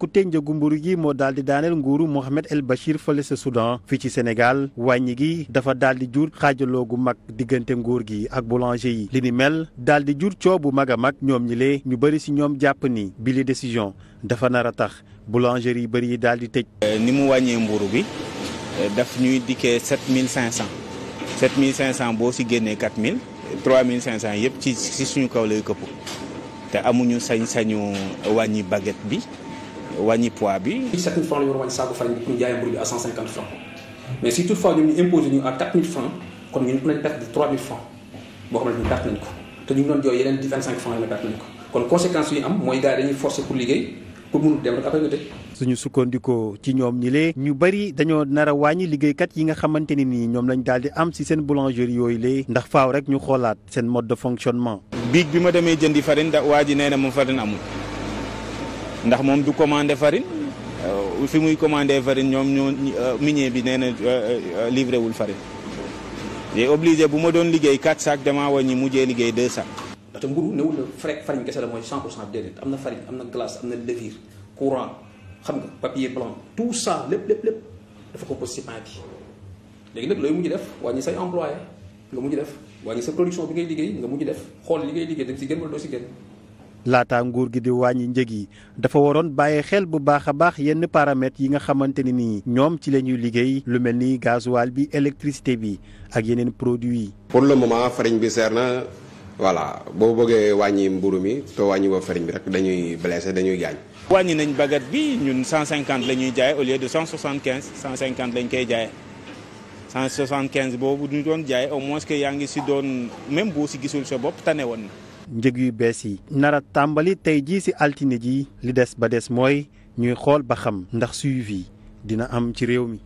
ku yokkute njëgu mburu gi moo daal di daaneel nguuru Mohamed El Bachir fële sa Soudan fii ci Sénégal wàññi gi dafa daal di jur xaajaloo gu mag diggante nguur gi ak boulanger yi li ni mel daal di jur coow bu mag a mag ñoom ñi lee ñu bëri si ñoom jàpp ni bi li décision dafa nar a tax boulangerie yi bëri yi daal di tëj. Euh, ni mu wàññee mburu bi euh, daf ñuy dikkee 7500 7500 boo si génnee 4000 3500 yëpp ci ci suñu kaw lay këpp te amuñu sañ-sañu wàññi baguette bi. wàññi poids bi. 7000 francs la ñu war a wàññi ñu jaayee mburu bi à boo te ñu ngi doon jooy yeneen di 25 ko kon yi am mooy gars yi dañuy suñu sukkandikoo ci ñoom ñi lee ñu bëri dañoo nar wàññi liggéeykat yi nga xamante ne nii ñoom lañ daal di am si seen boulangerie yooyu lee ndax faaw rek ñu xoolaat seen mode de fonctionnement. biig bi ma demee jëndi farine da waa ji nee na moom farine amul. ndax moom du commandé farine euh, fi muy commandé farine ñoom ñoo euh, minier bi nee na euh, livré wul farine yooyu obligé bu ma doon liggéey 4 sacs damaa ñi mujjee liggéey de sacs. ndaxte mburu newul la frais farine kese la mooy 100 pour cent déedéet am na farine am na glace am na levure courant xam nga papier blanc tout ça lépp lépp lépp dafa ko posé si pain bi léegi nag looy mujj def wàññi say employé nga mujj def wàññi sa production bi ngay liggéey nga mujj def xool li ngay liggéey dem si gën wala doo laata nguur gi di wàññi njëg yi dafa waroon bàyyi xel bu baax a baax yenn paramètres yi nga xamante ne nii ñoom ci la ñuy liggéey lu mel ni gasoil bi électricité bi ak yeneen produits yi. pour le moment farine bi seer na voilà boo bëggee wàññi mburu mi te wàññi woo farine bi rek dañuy blessé dañuy gaañ. wàññi nañ baguette bi ñun 150 la ñuy jaay au lieu de 175 150 lañ koy jaay 175 boobu ñu doon jaaye au moins que yaa ngi si doon même boo si gisul sa bopp tane woon na. njëg yu bees yi nar a tàmbali tey jii ci altine ji li des ba des mooy ñuy xool ba xam ndax suivi dina am ci réew mi